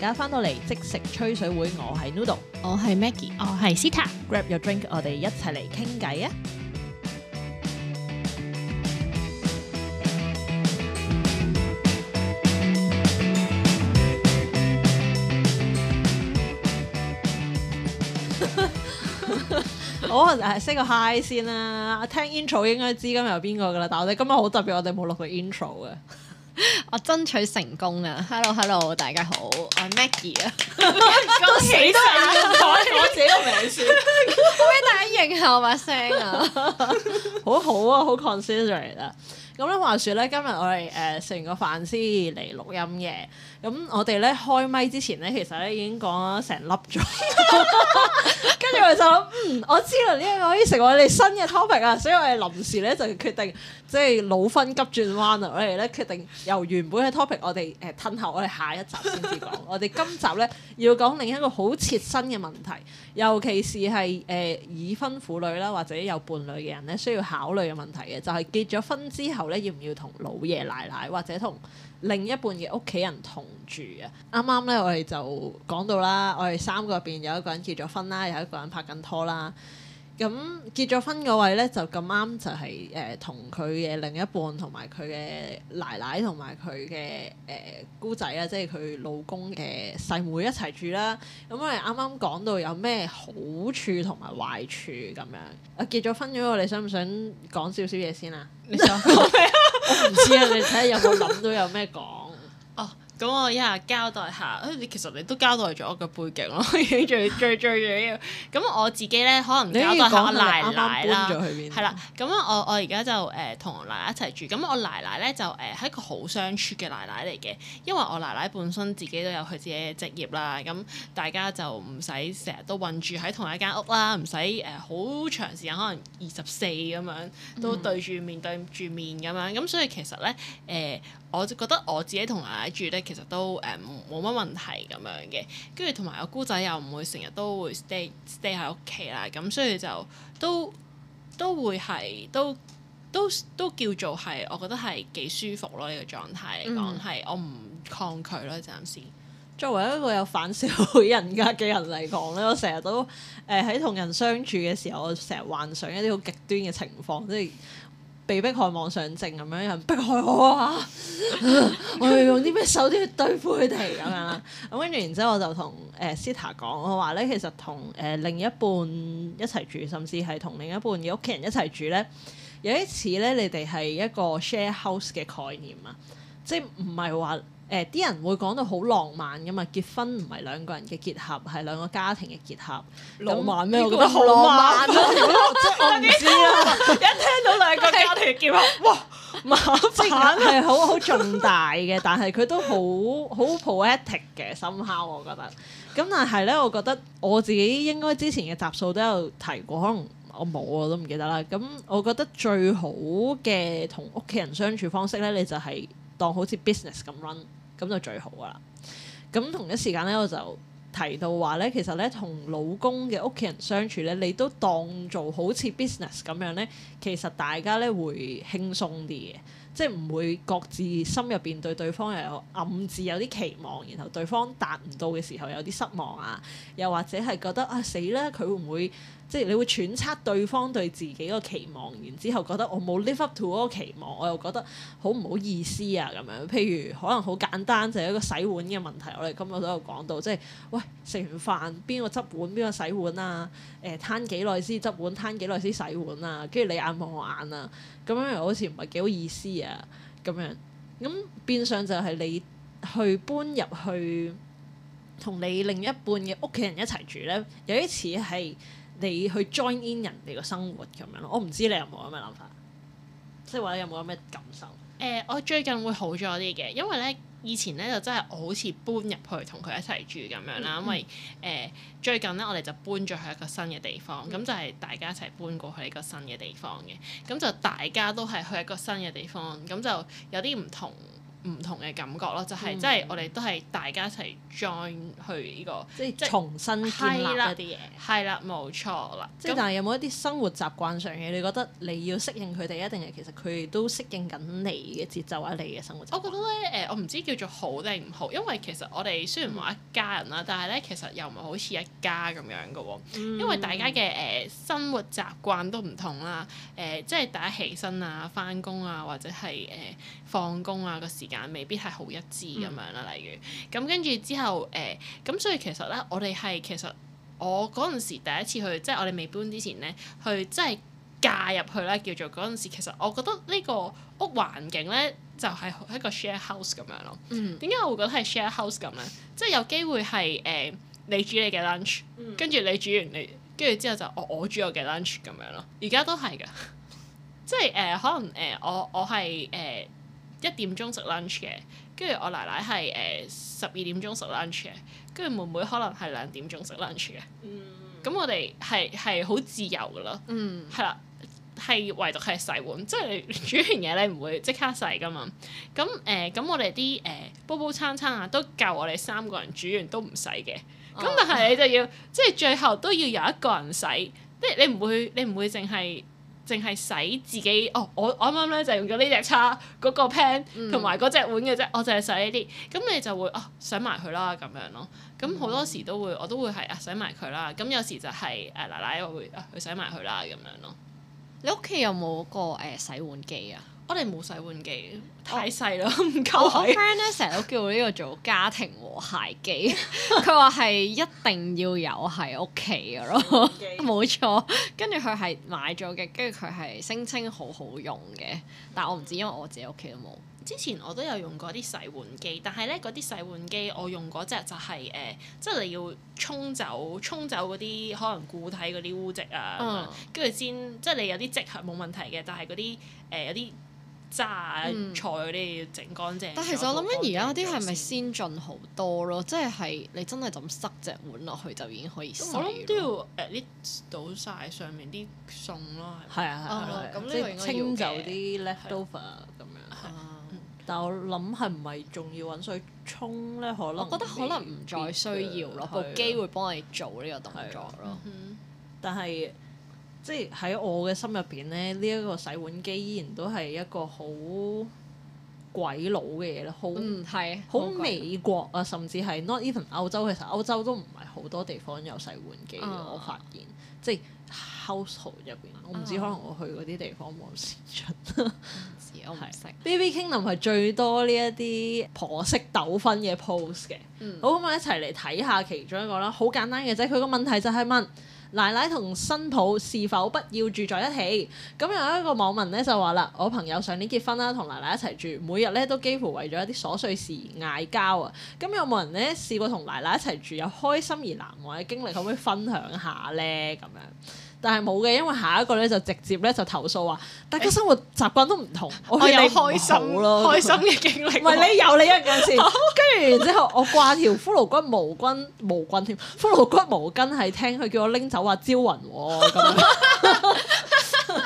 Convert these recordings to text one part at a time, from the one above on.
而家翻到嚟即食吹水會，我係 Noodle，我係 Maggie，我係 Zita，grab your drink，我哋一齊嚟傾偈啊！我誒，say 個 hi 先啦，聽 intro 應該知今日係邊個噶啦，但係我哋今日好特別，我哋冇落去 intro 嘅。我爭取成功啊！Hello Hello，大家好，我係 Maggie 啊，都死咗，我自己都名先，我俾大家應下我把聲啊，好好啊，好 considerate 啊。咁咧話說咧，今日我哋誒食完個飯先嚟錄音嘅，咁我哋咧開麥之前咧，其實咧已經講咗成粒鐘，跟住 我就諗，嗯，我知啦，呢個可以成為我哋新嘅 topic 啊，所以我哋臨時咧就決定。即係老婚急轉彎啊！我哋咧決定由原本嘅 topic，我哋誒吞後，我哋下一集先至講。 我哋今集咧要講另一個好切身嘅問題，尤其是係誒已婚婦女啦，或者有伴侶嘅人咧，需要考慮嘅問題嘅，就係、係、結咗婚之後咧，要唔要同老爺奶奶或者同另一半嘅屋企人同住啊？啱啱咧，我哋就講到啦，我哋三個入邊有一個人結咗婚啦，有一個人拍緊拖啦。咁結咗婚嗰位咧就咁啱就係誒同佢嘅另一半同埋佢嘅奶奶同埋佢嘅誒姑仔啊，即係佢老公嘅細妹，妹一齊住啦。咁我哋啱啱講到有咩好處同埋壞處咁樣，我、啊、結咗婚咗，你想唔想講少少嘢先啊？你想講咩啊？我唔知啊，你睇下有冇諗到有咩講 啊？咁我一下交代下，誒，其實你都交代咗我嘅背景咯，最 最最緊要。咁我自己咧，可能交代下我奶奶啦。係啦，咁我我而家就誒同、呃、奶奶一齊住。咁我奶奶咧就誒係、呃、一個好相處嘅奶奶嚟嘅，因為我奶奶本身自己都有佢自己嘅職業啦。咁大家就唔使成日都混住喺同一間屋啦，唔使誒好長時間，可能二十四咁樣都對住面對住面咁樣。咁、嗯、所以其實咧，誒、呃。我就覺得我自己同奶奶住咧，其實都誒冇乜問題咁樣嘅。跟住同埋我姑仔又唔會成日都會 stay stay 喺屋企啦。咁所以就都都會係都都都叫做係，我覺得係幾舒服咯。呢個狀態嚟講係、嗯、我唔抗拒咯。暫時作為一個有反社會人格嘅人嚟講咧，我成日都誒喺同人相處嘅時候，我成日幻想一啲好極端嘅情況，即係。被迫害妄想症咁樣，有人逼害我啊！我要用啲咩手段去對付佢哋咁樣啦。咁跟住然之後，我就同誒 Zita 講，我話咧，其實同誒另一半一齊住，甚至係同另一半嘅屋企人一齊住咧，有啲似咧，你哋係一個 share house 嘅概念啊，即係唔係話。誒啲人會講到好浪漫㗎嘛？結婚唔係兩個人嘅結合，係兩個家庭嘅結合。浪漫咩？我覺得好浪漫啊！我唔知啊，一聽到兩個家庭結合，哇！唔係，即係係好好重大嘅， 但係佢都好好 poetic 嘅深刻，我覺得。咁但係咧，我覺得我自己應該之前嘅集數都有提過，可能我冇我都唔記得啦。咁我覺得最好嘅同屋企人相處方式咧，你就係當好似 business 咁 run，咁就最好噶啦！咁同一時間咧，我就提到話咧，其實咧，同老公嘅屋企人相處咧，你都當做好似 business 咁樣咧，其實大家咧會輕鬆啲嘅。即係唔會各自心入邊對對方又有暗自有啲期望，然後對方達唔到嘅時候有啲失望啊，又或者係覺得啊死啦，佢會唔會即係你會揣測對方對自己個期望，然之後覺得我冇 live up to 嗰個期望，我又覺得好唔好意思啊咁樣。譬如可能好簡單就係一個洗碗嘅問題，我哋今日都有講到，即係喂食完飯邊個執碗，邊個洗碗啊？誒攤幾耐先執碗，攤幾耐先洗碗啊？跟住你眼望我眼啊！咁樣又好似唔係幾好意思啊！咁樣咁變相就係你去搬入去同你另一半嘅屋企人一齊住咧，有啲似係你去 join in 人哋個生活咁樣咯。我唔知你有冇咁嘅諗法，即係話有冇咁嘅感受？誒、呃，我最近會好咗啲嘅，因為咧。以前咧就真係好似搬入去同佢一齊住咁樣啦，嗯、因為誒、呃、最近咧我哋就搬咗去一個新嘅地方，咁、嗯、就係大家一齊搬過去一個新嘅地方嘅，咁就大家都係去一個新嘅地方，咁就有啲唔同。唔同嘅感覺咯，就係、是嗯、即係我哋都係大家一齊 join 去呢、這個即係重新建立一啲嘢，係啦，冇錯啦。即係是那但係有冇一啲生活習慣上嘅，你覺得你要適應佢哋，一定係其實佢哋都適應緊你嘅節奏啊，你嘅生活節奏。我覺得咧，誒、呃，我唔知叫做好定唔好，因為其實我哋雖然話一家人啦，嗯、但係咧其實又唔係好似一家咁樣嘅喎，因為大家嘅誒、呃、生活習慣都唔同啦，誒、呃，即係大家起身啊、翻工啊，或者係誒、呃、放工啊個時。間未必係好一致咁樣啦，嗯、例如咁跟住之後誒，咁、呃、所以其實咧，我哋係其實我嗰陣時第一次去，即、就、係、是、我哋未搬之前咧，去即係嫁入去啦，叫做嗰陣時。其實我覺得呢個屋環境咧，就係、是、一個 share house 咁樣咯。點解、嗯、我會覺得係 share house 咁樣？即、就、係、是、有機會係誒、呃、你煮你嘅 lunch，跟住你煮完你跟住之後就我我煮我嘅 lunch 咁樣咯。而家都係噶， 即係誒、呃、可能誒、呃、我我係誒。呃一點鐘食 lunch 嘅，跟住我奶奶係誒十二點鐘食 lunch 嘅，跟、呃、住妹妹可能係兩點鐘食 lunch 嘅。咁、嗯、我哋係係好自由嘅咯。嗯，係啦，係唯獨係洗碗，即係你煮完嘢你唔會即刻洗噶嘛。咁誒，咁、呃、我哋啲誒煲煲餐餐啊都夠我哋三個人煮完都唔洗嘅。咁、哦、但係你就要， 即係最後都要有一個人洗，即係你唔會你唔會淨係。淨係洗自己哦！我我啱啱咧就係、用咗呢隻叉、嗰、嗰個 pan 同埋嗰隻碗嘅啫，嗯、我淨係洗呢啲，咁你就會哦，洗埋佢啦咁樣咯。咁好多時都會我都會係啊洗埋佢啦。咁有時就係誒奶奶，我、啊、會啊去洗埋佢啦咁樣咯。你屋企有冇個誒、呃、洗碗機啊？我哋冇洗碗機，太細咯，唔夠。我 friend 咧成日都叫我呢個做家庭和諧機，佢話係一定要有喺屋企嘅咯，冇 錯。跟住佢係買咗嘅，跟住佢係聲稱好好用嘅，但我唔知，因為我自己屋企都冇。之前我都有用過啲洗碗機，但係咧嗰啲洗碗機，我用嗰隻就係、是、誒，即、呃、係、就是、你要沖走沖走嗰啲可能固體嗰啲污漬啊，跟住先即係你有啲漬係冇問題嘅，但係嗰啲誒有啲。炸菜嗰啲要整乾淨，但係其實我諗緊而家嗰啲係咪先進好多咯？即係，係你真係就咁塞隻碗落去就已經可以。我諗都，都要誒，啲倒晒上面啲餸咯。係啊係啊係啊，咁你清走啲 leftover 咁樣。係啊、啊、但係我諗，係唔係仲要揾水沖咧？可能我覺得可能唔再需要咯，落部機會幫你做呢個動作咯。嗯。但係。即係喺我嘅心入邊咧，呢、這、一個洗碗機依然都係一個好鬼佬嘅嘢咯，好，係，好、嗯、美國啊，甚至係 not even 歐洲，其實歐洲都唔係好多地方有洗碗機嘅。哦、我發現，即係 household 入邊，哦、我唔知可能我去嗰啲地方冇事出。唔、哦、 知 Baby Kingdom 係最多呢、嗯、一啲婆媳糾紛嘅 post 嘅，好咁我一齊嚟睇下其中一個啦。好簡單嘅啫，佢個問題就係問。奶奶同新抱是否不要住在一起？咁有一個網民咧就話啦，我朋友上年結婚啦，同奶奶一齊住，每日咧都幾乎為咗一啲瑣碎事嗌交啊！咁有冇人咧試過同奶奶一齊住有開心而難忘嘅經歷，可唔可以分享下呢？咁樣。但係冇嘅，因為下一個咧就直接咧就投訴話，大家生活習慣都唔同，欸、我，我有開心咯，開心嘅經歷。唔係你有你一樣先，跟住之後我掛條骷髏骨毛巾毛巾添，骷髏骨毛巾喺廳佢叫我拎走話招魂咁。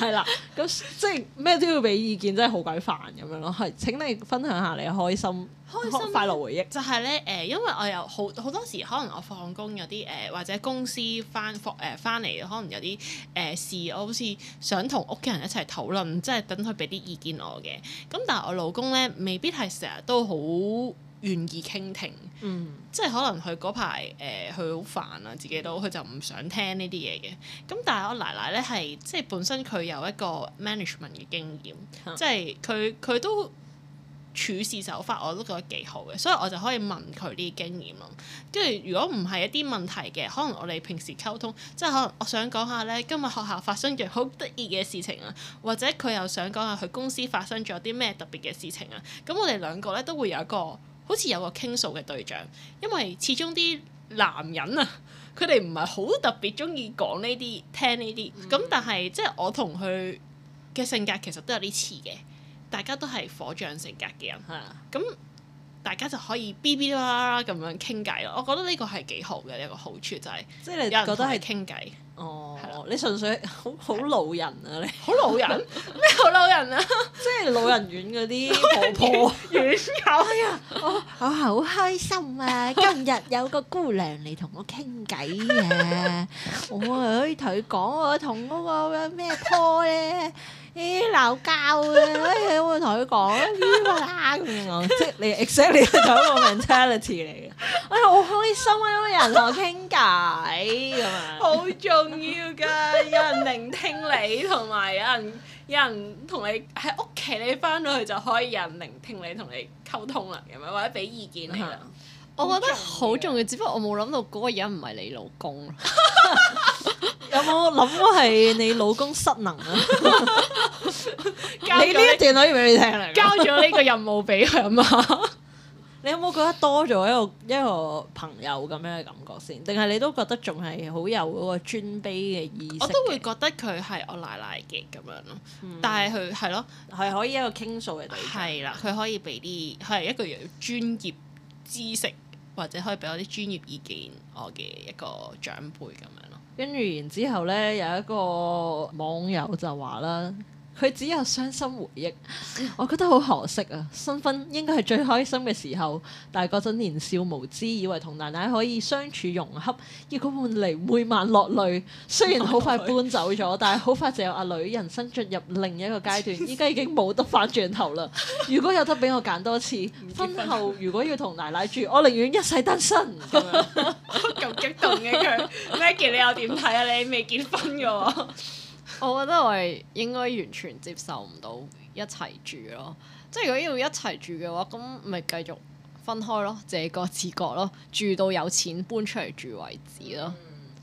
係啦，咁即係咩都要俾意見，真係好鬼煩咁樣咯。係請你分享下你開心、開心、啊、快樂回憶。就係咧，誒、呃，因為我有好好多時，可能我放工有啲誒、呃，或者公司翻放誒翻嚟，可能有啲誒、呃、事，我好似想同屋企人一齊討論，即係等佢俾啲意見我嘅。咁但係我老公咧，未必係成日都好。願意傾聽，嗯、即係可能佢嗰排誒，佢、呃、好煩啊，自己都佢就唔想聽呢啲嘢嘅。咁但係我奶奶咧係即係本身佢有一個 management 嘅經驗，嗯、即係佢佢都處事手法我都覺得幾好嘅，所以我就可以問佢啲經驗咯。跟住如果唔係一啲問題嘅，可能我哋平時溝通，即係可能我想講下咧，今日學校發生咗好得意嘅事情啊，或者佢又想講下佢公司發生咗啲咩特別嘅事情啊，咁我哋兩個咧都會有一個。好似有個傾訴嘅對象，因為始終啲男人啊，佢哋唔係好特別中意講呢啲，聽呢啲。咁但係即係我同佢嘅性格其實都有啲似嘅，大家都係火象性格嘅人，嚇、嗯、咁大家就可以嗶嗶啦啦咁樣傾偈咯。Guys, 我覺得呢個係幾好嘅一個好處，就係即係有人 Así 覺得係傾偈。哦，的你純粹好好老人啊！你好老人咩？好 老人啊！即係老人院嗰啲婆婆爺爺啊！我好開心啊！ 今日有個姑娘嚟同我傾偈啊！ 哎、我係可以同佢講我同嗰個咩婆咧。 鬧交咧，我、欸欸、會同佢講依個啦，咁樣即係你 except 你係同一個 mentality 嚟嘅。我、欸、係好開心啊，因為有人同我傾偈咁樣。好重要㗎，有人聆聽你，同埋有人有人同你喺屋企，你翻到去就可以有人聆聽你，同你溝通啦，咁樣或者俾意見你。 我覺得好重要， 只不過我冇諗到嗰個人唔係你老公。 有冇諗過係你老公失能啊？ 你呢 一段可,可以俾你聽交咗呢個任務俾佢阿嘛？你有冇覺得多咗一個一個朋友咁樣嘅感覺先？定係你都覺得仲係好有嗰個尊卑嘅意識？我都會覺得佢係我奶奶嘅咁樣、嗯、咯，但係佢係咯，係可以一個傾訴嘅地方。係啦，佢可以俾啲佢係一個專業知識，或者可以俾我啲專業意見。我嘅一個長輩咁樣。跟住然之後咧，有一個網友就話啦。佢只有傷心回憶，我覺得好可惜啊！新婚應該係最開心嘅時候，但係嗰陣年少無知，以為同奶奶可以相處融洽，結果換嚟每晚落淚。雖然好快搬走咗，但係好快就有阿女人生進入另一個階段，依家已經冇得翻轉頭啦。如果有得俾我揀多次，婚後如果要同奶奶住，我寧願一世單身。咁 激動嘅佢，Maggie 你又點睇啊？你未結婚嘅喎。我覺得我係應該完全接受唔到一齊住咯，即係如果要一齊住嘅話，咁咪繼續分開咯，自己各自各咯，住到有錢搬出嚟住為止咯，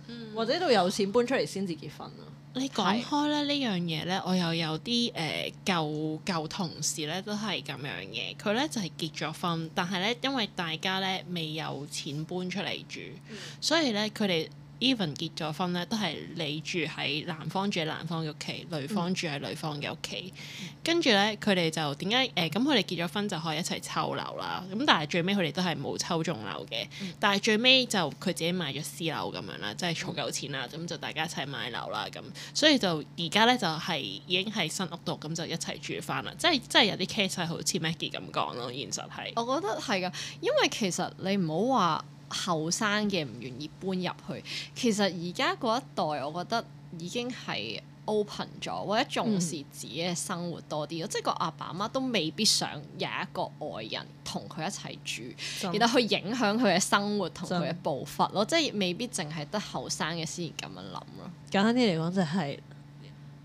嗯嗯、或者到有錢搬出嚟先至結婚咯。嗯、你講開咧呢樣嘢咧，我又有啲誒、呃、舊舊同事咧都係咁樣嘅，佢咧就係、是、結咗婚，但係咧因為大家咧未有錢搬出嚟住，嗯、所以咧佢哋。Even 結咗婚咧，都係你住喺男方住喺男方嘅屋企，女方住喺女方嘅屋企。嗯、跟住咧，佢哋就點解？誒，咁佢哋結咗婚就可以一齊抽樓啦。咁但係最尾佢哋都係冇抽中樓嘅。嗯、但係最尾就佢自己買咗私樓咁樣啦，即係儲夠錢啦，咁、嗯、就大家一齊買樓啦咁。所以就而家咧就係、係、已經喺新屋度，咁就一齊住翻啦。即係即係有啲 case 係好似 Maggie 咁講咯，現實係。我覺得係㗎，因為其實你唔好話。後生嘅唔願意搬入去，其實而家嗰一代我覺得已經係 open 咗，或者重視自己嘅生活多啲咯。嗯、即係個阿爸阿媽都未必想有一個外人同佢一齊住，然後正去影響佢嘅生活同佢嘅步伐咯。正即係未必淨係得後生嘅先咁樣諗咯。簡單啲嚟講就係、是。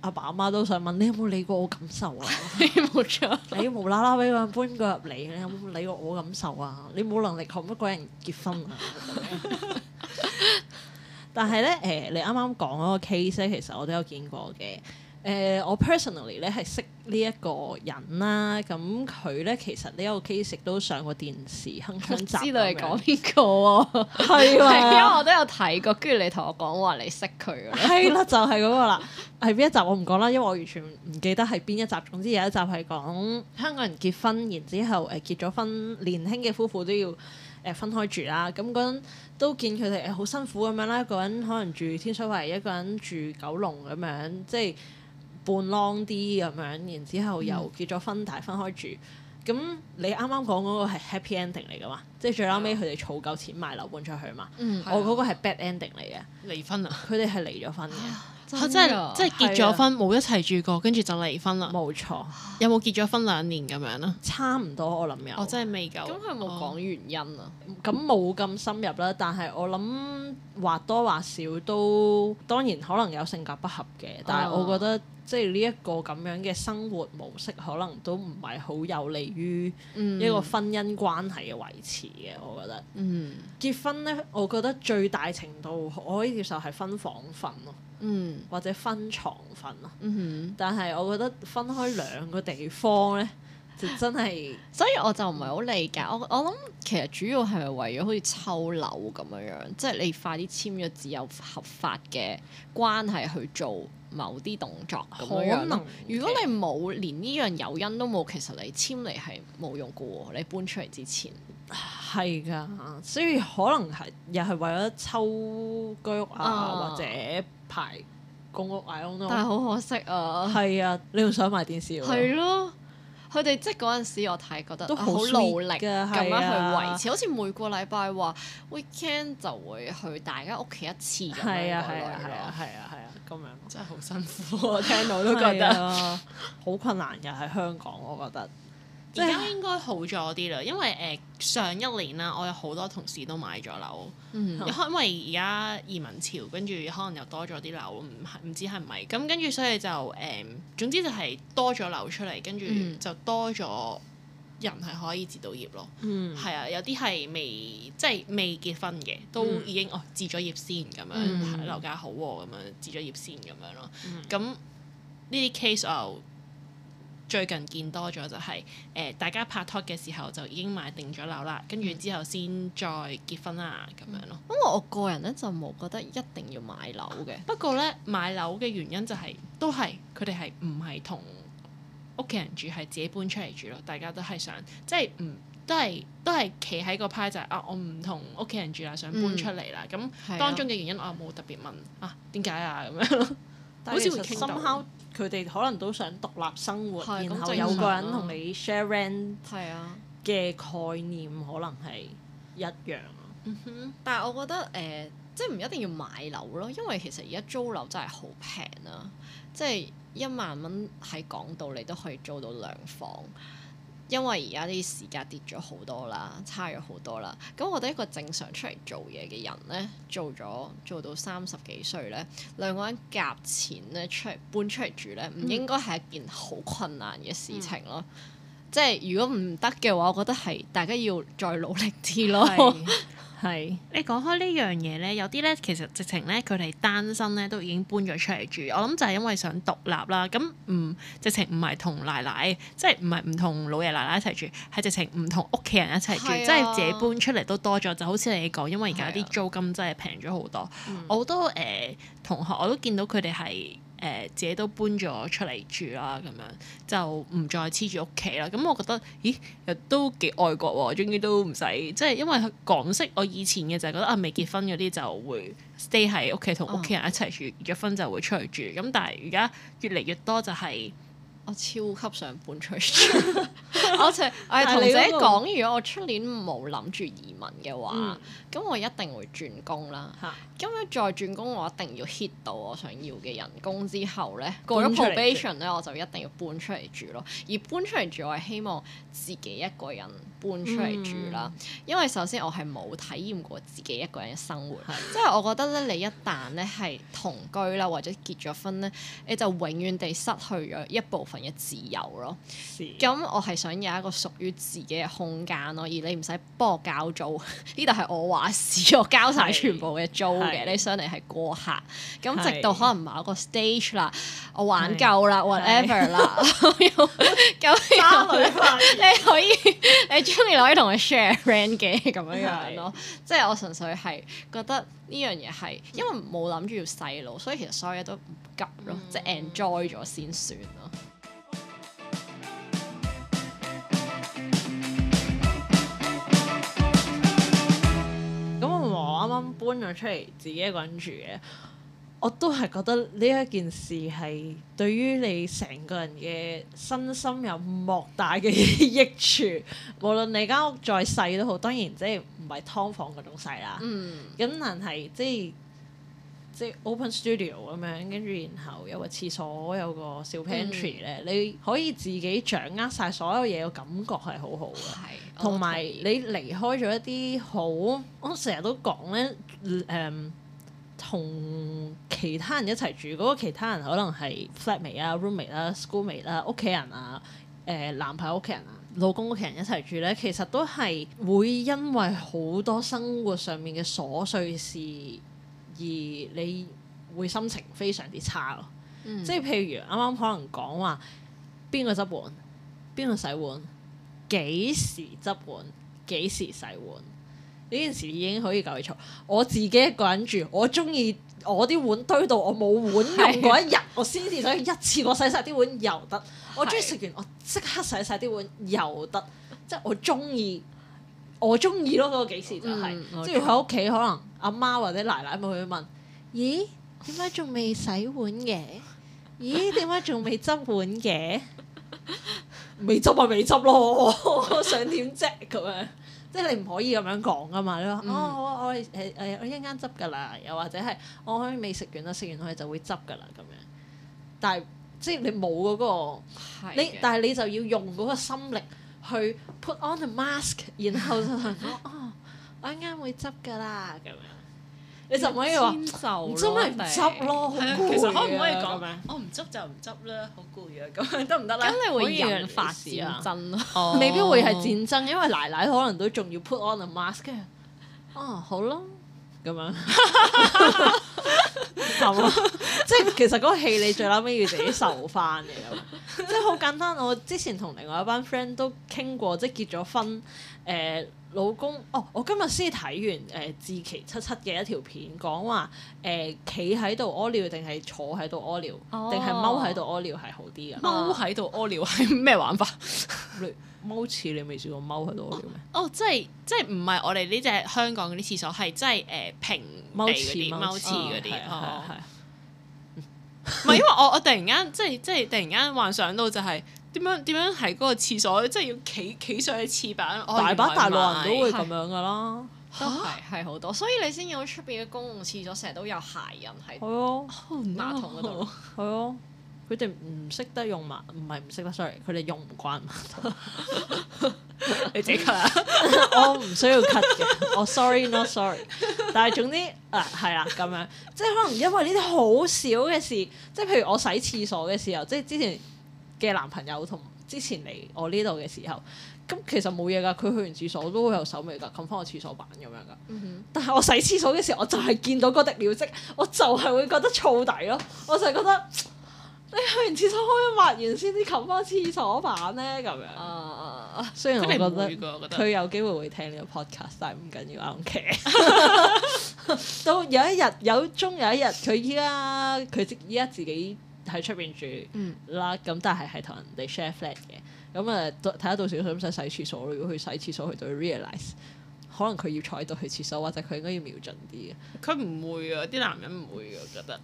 阿爸阿媽都想問你有冇理過我感受啊？冇錯，你無啦啦俾個人搬過入嚟，你有冇理過我感受啊？你冇能力學乜鬼人結婚啊？ 但係咧，誒、呃，你啱啱講嗰個 case 咧，其實我都有見過嘅。誒、呃，我 personally 咧係識呢一個人啦。咁佢咧其實呢一個 case 都上過電視，哼哼集咁樣。我知道你講呢個喎？係啊， 的 因為我都有睇過，跟住你同我講話，你識佢啦。係啦，就係嗰個啦。係邊一集我唔講啦，因為我完全唔記得係邊一集。總之有一集係講香港人結婚，然之後誒結咗婚，年輕嘅夫婦都要誒分開住啦。咁嗰陣都見佢哋好辛苦咁樣啦。一個人可能住天水圍，一個人住九龍咁樣，即係。半 long 啲咁樣，然之後又結咗婚，但係、嗯、分開住。咁你啱啱講嗰個係 happy ending 嚟㗎嘛？嗯、即係最後尾佢哋儲夠錢買樓搬出去嘛？我嗰個係 bad ending 嚟嘅，離婚啊！佢哋係離咗婚嘅。 嚇！真係真係結咗婚冇、啊、一齊住過，跟住就離婚啦。冇錯，有冇結咗婚兩年咁樣啦？差唔多我諗有。哦，真係未夠。咁佢冇講原因啊？咁冇咁深入啦，但係我諗或多或少都當然可能有性格不合嘅，但係我覺得、哦、即係呢一個咁樣嘅生活模式，可能都唔係好有利於一個婚姻關係嘅維持嘅。嗯、我覺得，嗯，結婚呢，我覺得最大程度我可以接受係分房瞓咯。嗯，或者分床瞓咯，嗯哼，但係我覺得分開兩個地方咧，就真係，所以我就唔係好理解。我我諗其實主要係為咗好似抽樓咁樣樣，即係你快啲簽咗字，有合法嘅關係去做。某啲動作可能，如果你冇其實 連呢樣誘因都冇，其實你簽嚟係冇用嘅喎。你搬出嚟之前係㗎，所以可能係又係為咗抽居屋啊，啊或者排公屋 Iono。但係好可惜啊！係啊，你仲想買電視？係咯，佢哋即係嗰陣時，我睇覺得都好努力咁樣去維持，好似的每個禮拜話 weekend 就會去大家屋企一次咁樣過來。係啊，係啊，係啊，係。咁樣真係好辛苦，我聽到都覺得好、 啊、困難㗎，喺香港，我覺得而家應該好咗啲啦，就係、因為誒上一年啦，我有好多同事都買咗樓，嗯、哼因為而家移民潮，跟住可能又多咗啲樓，唔唔知係唔係咁，跟住所以就誒，總之就係多咗樓出嚟，跟住就多咗。人係可以置到業咯，係、嗯、啊，有啲係未即係未結婚嘅，都已經、嗯、哦置咗業先咁樣樓價、嗯、好喎、啊，咁樣置咗業先咁樣咯。咁呢啲 case 我最近見多咗就係、是、誒、呃、大家拍拖嘅時候就已經買定咗樓啦，跟住、嗯、之後先再結婚啦咁、嗯、樣咯。因為我個人咧就冇覺得一定要買樓嘅， 不過咧買樓嘅原因就係、是、都係佢哋係唔係同。屋企人住係自己搬出嚟住咯，大家都係想即係唔、嗯、都係都係企喺個派就係、是、啊，我唔同屋企人住啦，想搬出嚟啦。咁、嗯、當中嘅原因，我冇、嗯啊、特別問啊點解啊咁樣咯。 但其實心口佢哋可能都想獨立生活，嗯、然後有個人同你 share rent 係啊嘅概念可能係一樣。嗯哼，但係我覺得誒，即係唔一定要買樓咯，因為其實而家租樓真係好平啦，即係。一萬蚊喺港島你都可以租到兩房，因為而家啲市價跌咗好多啦，差咗好多啦。咁我覺得一個正常出嚟做嘢嘅人咧，做咗做到三十幾歲咧，兩個人夾錢咧出嚟搬出嚟住咧，唔應該係一件好困難嘅事情咯。嗯、即係如果唔得嘅話，我覺得係大家要再努力啲咯。係。係，是你講開呢樣嘢咧，有啲咧其實直情咧佢哋單身咧都已經搬咗出嚟住，我諗就係因為想獨立啦。咁唔直情唔係同奶奶，即係唔係唔同老爺奶奶一齊住，係直情唔同屋企人一齊住，啊、即係自己搬出嚟都多咗。就好似你講，因為而家啲租金真係平咗好多，啊、我都誒、呃、同學我都見到佢哋係。誒、呃、自己都搬咗出嚟住啦，咁樣就唔再黐住屋企啦。咁我覺得，咦，又都幾愛國喎！終於都唔使，即、就、係、是、因為佢港式，我以前嘅就係覺得啊，未結婚嗰啲就會 stay 喺屋企同屋企人一齊住，結咗、哦、婚就會出去住。咁但係而家越嚟越多就係、是。我超級想搬出去住， 我係我係同自己講，如果我出年冇諗住移民嘅話，咁、嗯、我一定會轉工啦。咁、嗯、樣再轉工，我一定要 hit 到我想要嘅人工之後咧，過咗 probation 咧，出我就一定要搬出嚟住咯。搬住而搬出嚟住，我係希望自己一個人。搬出嚟住啦，因為首先我係冇體驗過自己一個人嘅生活，的即係我覺得咧，你一旦咧係同居啦，或者結咗婚咧，你就永遠地失去咗一部分嘅自由咯。咁的我係想有一個屬於自己嘅空間咯，而你唔使幫我交租，呢度係我話事，我交晒全部嘅租嘅，的你上嚟係過客。咁的直到可能某個 stage 有有啦，我玩夠啦，whatever 啦，夠咁你可以你。中意攞啲同佢 share 嘅咁樣樣咯，即係我純粹係覺得呢樣嘢係因為冇諗住要細路，所以其實所有嘢都唔急咯，即係 enjoy 咗先算咯。咁我啱啱搬咗出嚟，自己一個人住嘅。我都係覺得呢一件事係對於你成個人嘅身心有莫大嘅益處。無論你間屋再細都好，當然即係唔係劏房嗰種細啦。嗯，咁但係即係即係 open studio 咁樣，跟住然後有個廁所，有個小 pantry 咧、嗯，你可以自己掌握晒所有嘢嘅感覺係好好嘅。同埋係你離開咗一啲好，我成日都講咧，誒、嗯。同其他人一齊住，嗰、嗰個其他人可能係 flatmate 啊、roommate、呃、啦、schoolmate 啦、屋企人啊、誒男朋友屋企人啊、老公屋企人一齊住咧，其實都係會因為好多生活上面嘅瑣碎事，而你會心情非常之差咯。即係、嗯、譬如啱啱可能講話邊個執碗，邊個洗碗，幾時執碗，幾時洗碗。呢件事已經可以改錯。我自己一個人住，我中意我啲碗堆到我冇碗用嗰一日， 我先至想一次過我洗晒啲碗又得。 我中意食完我即刻洗晒啲碗又得， 即係我中意，我中意咯。嗰、那個幾時就係、是，即係喺屋企可能阿媽或者奶奶會去問 咦：咦，點解仲未洗碗嘅？咦， 點解仲未執碗嘅？未執咪未執咯，想點啫咁樣？即係你唔可以咁樣講噶嘛，你話、嗯、哦，我我係係我一陣間執噶啦，又或者係我可能未食完啦，食完我係就會執噶啦咁樣。但係即係你冇嗰、嗰個，的你但係你就要用嗰個心力去 put on the mask，然後就話 哦，我一陣間會執噶啦咁樣。你就唔可以話唔執咯，其實可唔可以講我唔執就唔執啦，好攰啊，咁樣得唔得你咧？可以發泄啊，真咯，未必會係戰爭，因為奶奶可能都仲要 put on the mask 嘅。哦，好咯，咁樣咁，即係其實嗰個戲你最嬲尾要自己受翻嘅，即係好簡單。我之前同另外一班 friend 都傾過，即係結咗婚誒。老公，哦，我今日先睇完誒志奇七七嘅一條片，講話誒企喺度屙尿，定、呃、係坐喺度屙尿，定係踎喺度屙尿係好啲嘅。踎喺度屙尿係咩玩法？踎廁，你未試過踎喺度屙尿咩？哦，即係即係唔係我哋呢隻香港嗰啲廁所係即係誒平踎嗰踎廁嗰啲。係係慈。唔係因為我我突然間即係即係突然間幻想到就係。 Amsterdam 點樣點樣喺嗰個廁所，即係要企企上去廁板？大把大陸人都會咁樣噶啦，對啊、都係係好多，所以你先有出邊嘅公共廁所，成日都有鞋印喺，係啊，馬桶嗰度，係啊、哦，佢哋唔識得用馬，唔係唔識得，sorry，佢哋用唔慣。 你自己 c u 啊！ 我唔需要咳 u 嘅，我 sorry not sorry。但係總之啊，係啦，咁樣，即係可能因為呢啲好少嘅事，即係譬如我洗廁所嘅時候，即係之前。嘅男朋友同之前嚟我呢度嘅時候，咁其實冇嘢噶，佢去完廁所都會有手尾噶，冚翻個廁所板咁樣噶、嗯。但係我洗廁所嘅時候，我就係見到嗰滴尿跡，我就係會覺得燥底咯。我就係覺得你去完廁所，開一抹完先至冚翻廁所板咧咁樣。啊啊啊！雖然我覺得佢有機會會聽呢個 podcast，但係唔緊要，O K。到 有一日有中有一日，佢依家佢依家自己喺出邊住啦？咁、嗯、但係係同人哋 share flat 嘅。咁啊，睇下到時想唔使洗廁所，如果佢洗廁所，佢就會 realize 可能佢要坐喺度去廁所，或者佢應該要瞄準啲嘅。佢唔會啊！啲男人唔會啊，我覺得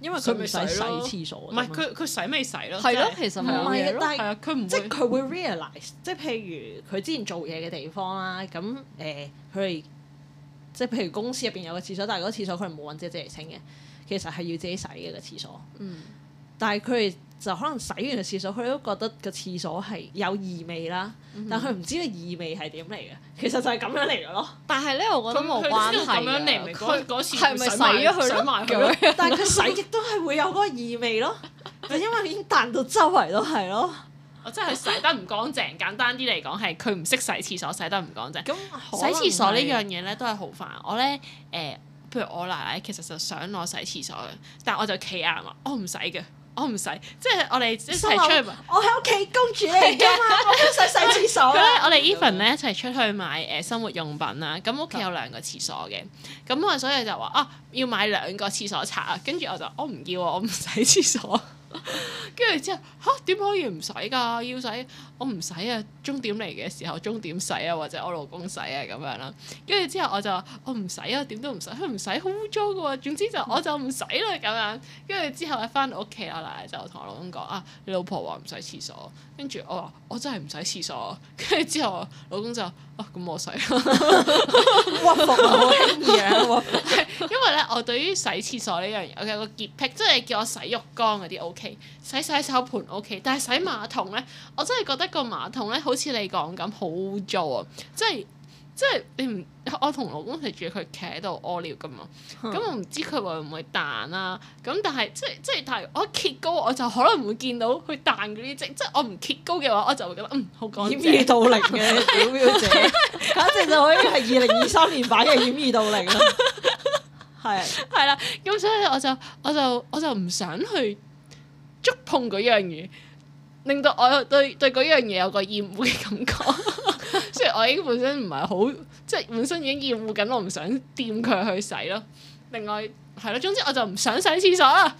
因為佢唔使洗廁所，唔係佢佢洗咪洗咯？係咯，其實唔係啊。係佢唔即係佢會 realize 即係譬如佢之前做嘢嘅地方啦。咁誒，佢、呃、即係譬如公司入邊有個廁所，但係嗰廁所佢係冇揾姐姐嚟清嘅。其實係要自己洗嘅個廁所。嗯。但係佢哋就可能洗完個廁所，佢都覺得個廁所係有異味啦。但佢唔知個異味係點嚟嘅，其實就係咁樣嚟嘅咯。但係咧，我覺得冇關係。咁樣嚟唔係嗰嗰次咪洗咗佢咯？但係佢洗亦都係會有嗰個異味咯。係因為已經彈到周圍都係咯。我真係洗得唔乾淨。簡單啲嚟講，係佢唔識洗廁所，洗得唔乾淨。咁洗廁所呢樣嘢咧都係好煩。我咧誒，譬如我奶奶其實就想我洗廁所嘅，但我就企硬話我唔洗嘅。我唔使，即係我哋一齊出去買。我喺屋企公主嚟噶嘛，我唔使洗廁所。咁咧，我哋 even 咧一齊出去買誒生活用品啦。咁屋企有兩個廁所嘅，咁我所以就話啊、哦，要買兩個廁所刷啊。跟住我就我唔要，我唔洗廁所。跟住之後嚇點、啊、可以唔使噶？要使，我唔使啊！終點嚟嘅時候終點使啊，或者我老公使啊咁樣啦。跟住之後我就話我唔使啊，點都唔使。啊，佢唔使，好污糟嘅喎。總之就我就唔使啦咁樣。跟住之後一翻到屋企啦，奶奶就同我老公講啊，你老婆話唔使廁所。跟住我話我真係唔使廁所。跟住之後老公就話啊，咁我洗啦，屈 服啦你、啊。我對於洗廁所呢樣嘢我有個潔癖，即係叫我洗浴缸嗰啲 O K，洗洗手盆 OK，但係洗馬桶咧，我真係覺得個馬桶咧好似你講咁好污糟啊！即係即係你唔，我同老公一齊住，佢企喺度屙尿噶嘛，咁我唔知佢會唔會彈啦。咁但係即係即係，但係我一揭高我就可能會見到佢彈嗰啲跡。即係我唔揭高嘅話，我就會覺得嗯好乾淨。掩耳盜鈴嘅表表姐，簡直就可以係二零二三年版嘅掩耳盜鈴啦。係係啦，咁所以我就我就我就唔想去觸碰嗰樣嘢，令到我對對嗰樣嘢有個厭惡嘅感覺。 雖然我已經本身唔係好，即係本身已經厭惡緊，我唔想掂佢去洗咯。另外係咯，總之我就唔想洗廁所啦。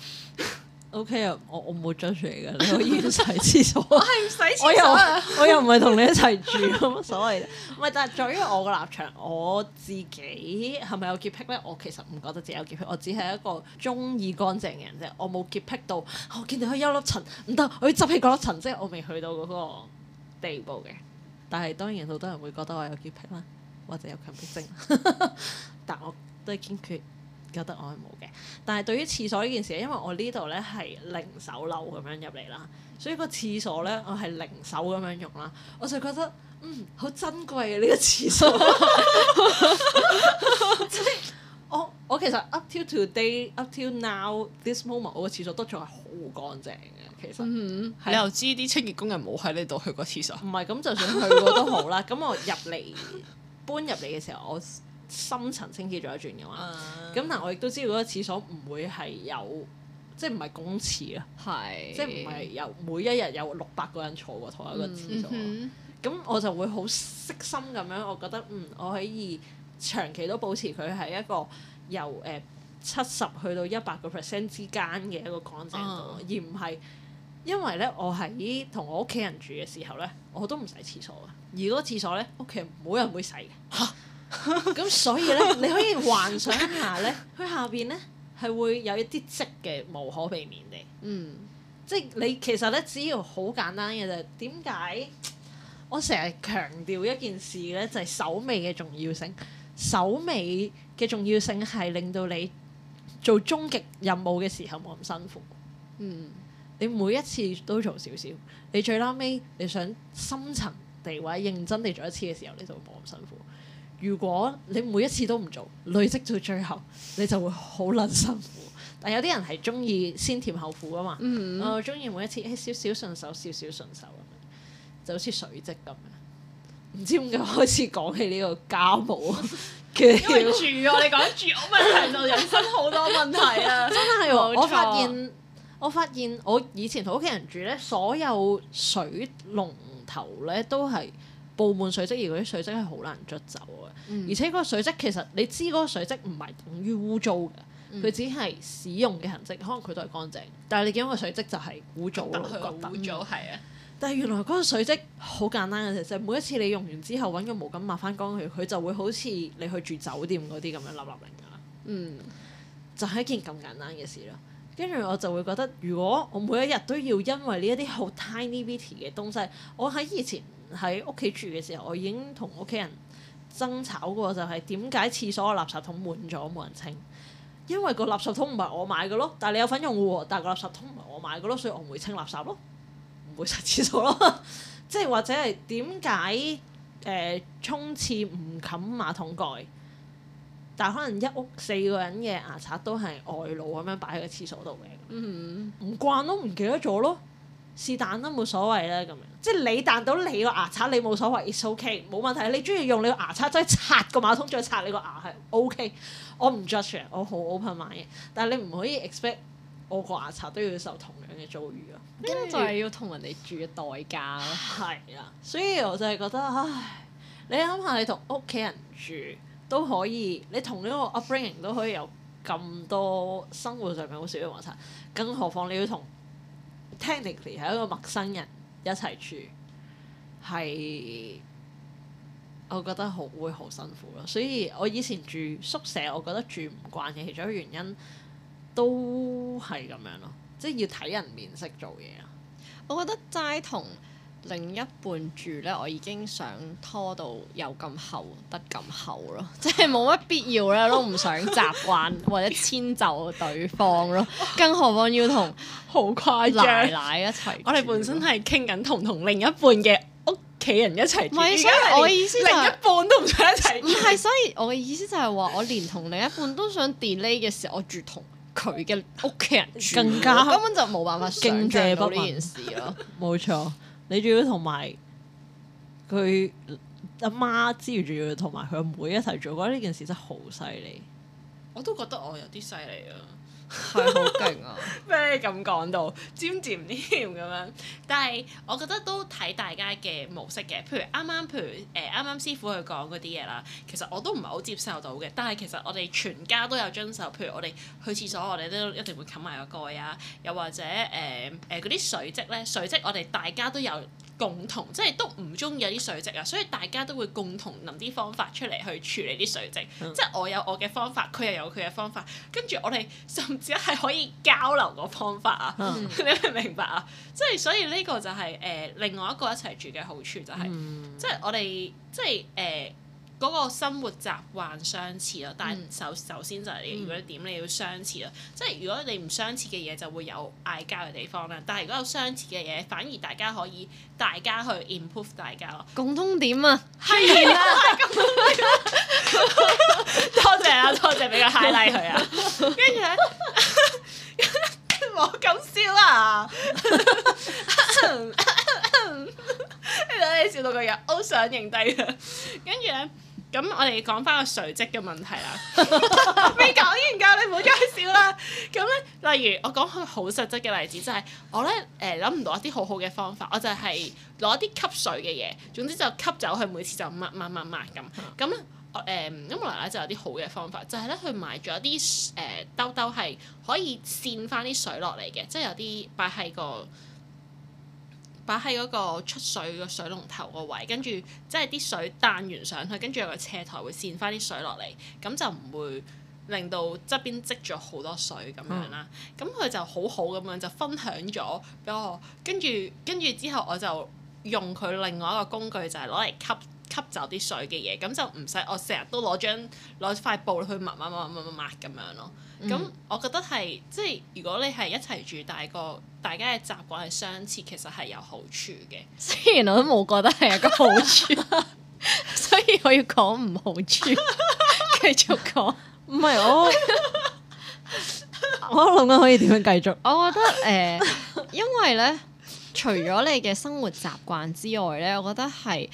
O.K. 啊，我我冇捽出嚟嘅，你可以唔洗廁所。 我係唔使廁所，我又我又唔係同你一齊住，冇乜所謂。唔係， 但係在於我個立場，我自己係咪有潔癖咧？我其實唔覺得自己有潔癖，我只係一個中意乾淨嘅人啫。我冇潔癖到、啊、我見到佢有一粒塵，唔得，我要執起嗰粒塵，即係我未去到嗰個地步嘅。 但係當然好多人會覺得我有潔癖啦，或者有強迫症， 但我都係堅決。覺得我係冇嘅，但係對於廁所呢件事，因為我呢度咧係零手樓咁樣入嚟啦，所以個廁所咧我係零手咁樣用啦，我就覺得嗯，好珍貴啊，呢個廁所， 我我其實 up till today up till now this moment 我個廁所都仲係好乾淨嘅，其實、嗯、嗎你又知啲清潔工人冇喺呢度去過廁所，唔係咁就算去過都好啦。咁 我入嚟搬入嚟嘅時候我。深層清潔咗一轉嘅話，咁、uh，但我亦都知道嗰個廁所唔會係有，即係唔係公廁啊，是即係唔係由每一日有六百個人坐過同一個廁所。咁、嗯、我就會好悉心咁樣，我覺得嗯，我可以長期都保持佢係一個由誒七十去到一百個 percent 之間嘅一個乾淨度，uh，而唔係因為咧我喺同我屋企人住嘅時候咧，我都唔使廁所嘅，而嗰個廁所咧屋企人冇人會洗嘅。咁 所以咧，你可以幻想下咧，佢 下邊咧係會有一啲積嘅，無可避免地。嗯。即係你其實咧，只要好簡單嘅就係點解我成日強調一件事咧，就係、是、手尾嘅重要性。手尾嘅重要性係令到你做終極任務嘅時候冇咁辛苦。嗯。你每一次都做少少，你最撈尾你想深層地或者認真地做一次嘅時候，你就會冇咁辛苦。如果你每一次都唔做，累積到最後，你就會好撚辛苦。但有啲人係中意先甜後苦吖嘛，我中意每一次誒少少順手，少少順手咁，就好似水積咁樣。唔知點解開始講起呢個家務， 因為住啊，你講住、啊、 我咪成日引申好多問題啊！ 真係、哦，錯我發現我發現我以前同屋企人住呢，所有水龍頭呢都係，布滿水漬，而嗰啲水漬係好難捽走嘅。嗯、而且嗰個水漬其實你知，嗰個水漬唔係等於污糟嘅，佢、嗯、只係使用嘅痕跡，可能佢都係乾淨。但係你見到個水漬就係污糟，但係原來嗰個水漬好簡單嘅，其、就、係、是、每一次你用完之後揾個毛巾抹翻乾佢，佢就會好似你去住酒店嗰啲咁樣立立令㗎啦。嗯，就係、是、一件咁簡單嘅事咯。跟住我就會覺得，如果我每一日都要因為呢一啲好 tiny little 嘅東西，我喺以前，喺屋企住嘅時候，我已經同屋企人爭吵過，就係點解廁所嘅垃圾桶滿咗冇人清？因為個垃圾桶唔係我買嘅咯，但係你有份用喎，但係個垃圾桶唔係我買嘅咯，所以我唔會清垃圾咯，唔會刷廁所咯。即 係或者係點解誒，沖廁唔冚馬桶蓋？但係可能一屋四個人嘅牙刷都係外露咁樣擺喺個廁所度嘅。唔、嗯嗯、慣都唔記得咗咯。是但啦，冇所謂啦咁樣，即係你彈到你個牙刷，你冇所謂，it's OK，冇問題。你中意用你個牙刷即係刷個馬桶，再刷你個牙係 OK。我唔 judge 人，我好 open mind。但係你唔可以 expect 我個牙刷都要受同樣嘅遭遇咯。嗯、跟住就係要同人哋住嘅代價咯。係啊， 所以我就係覺得，唉，你諗下，你同屋企人住都可以，你同呢個 upbringing 都可以有咁多生活上面好少嘅摩擦，更何況你要同。technically 係一個陌生人一齊住，係我覺得好會好辛苦咯。所以我以前住宿舍，我覺得住唔慣嘅其中一個原因都係咁樣咯，即係要睇人面色做嘢啊。我覺得齋同。另一半住咧，我已經想拖到有咁厚得咁厚咯，即係冇乜必要咧，都唔想習慣或者遷就對方咯。更何況要同好 誇張奶奶一齊住，我哋本身係傾緊同同另一半嘅屋企人一齊住。唔係，所以我意思係、就是、另一半都唔想一齊住。唔係，所以我嘅意思就係、是、話，我連同另一半都想 delay 嘅時候，我住同佢嘅屋企人住，更加根本就冇辦法經借到呢件事咯。冇錯。你仲要同埋佢阿媽之餘，仲要同埋佢阿妹一齊做，我覺得呢件事真係好犀利。我都覺得我有啲犀利啊！係好勁啊！咩咁講到尖尖啲咁樣，但係我覺得都睇大家嘅模式嘅。譬如啱啱，譬如誒，啱啱師傅佢講嗰啲嘢啦，其實我都唔係好接受到嘅。但係其實我哋全家都有遵守，譬如我哋去廁所，我哋都一定會冚埋個蓋啊。又或者誒誒嗰啲水漬咧，水漬我哋大家都有。共同即係都唔中意有啲水漬啊，所以大家都會共同諗啲方法出嚟去處理啲水漬。嗯、即係我有我嘅方法，佢又有佢嘅方法，跟住我哋甚至係可以交流個方法啊！嗯、 你明唔明白啊？即係所以呢個就係、是、誒、呃、另外一個一齊住嘅好處就係、是嗯，即係我哋即係誒。呃嗰個生活習慣相似咯，但首首先就係如果你點你要相似咯，嗯、即係如果你唔相似嘅嘢就會有嗌交嘅地方啦。但係如果有相似嘅嘢，反而大家可以大家去 improve 大家咯。共通點啊，係啦、啊， 多謝啊，多謝俾個 hi like 佢 啊。跟住咧，我咁笑啊，跟住咧笑到個人好想認低佢。跟住咧。咁我哋講翻個水漬嘅問題啦，未講完㗎，你唔好再笑啦。咁咧，例如我講個好實質嘅例子，就係、是、我咧誒諗唔到一啲好好嘅方法，我就係攞啲吸水嘅嘢，總之就吸走佢，每次就抹抹抹抹咁。咁誒咁，無、 呃、奶奶就有啲好嘅方法，就係咧佢買咗啲誒兜兜，係可以攢翻啲水落嚟嘅，即、就、係、是、有啲擺喺個。擺喺嗰個出水個水龍頭個位，跟住即係啲水彈完上去，跟住有個斜台會濺翻啲水落嚟，咁就唔會令到側邊積咗好多水咁樣啦。咁佢、嗯、就好好咁樣就分享咗俾我，跟住跟住之後我就用佢另外一個工具就係攞嚟吸。吸走啲水嘅嘢，咁就唔使我成日都攞張攞塊布去抹抹抹抹抹抹咁樣咯。咁、嗯、我覺得係即係如果你係一齊住，大個大家嘅習慣係相似，其實係有好處嘅。雖然我都冇覺得係有個好處， 所以我要講唔好處。繼續講，唔係我， 我諗緊可以點樣繼續。我覺得誒、呃，因為咧，除咗你嘅生活習慣之外咧，我覺得係。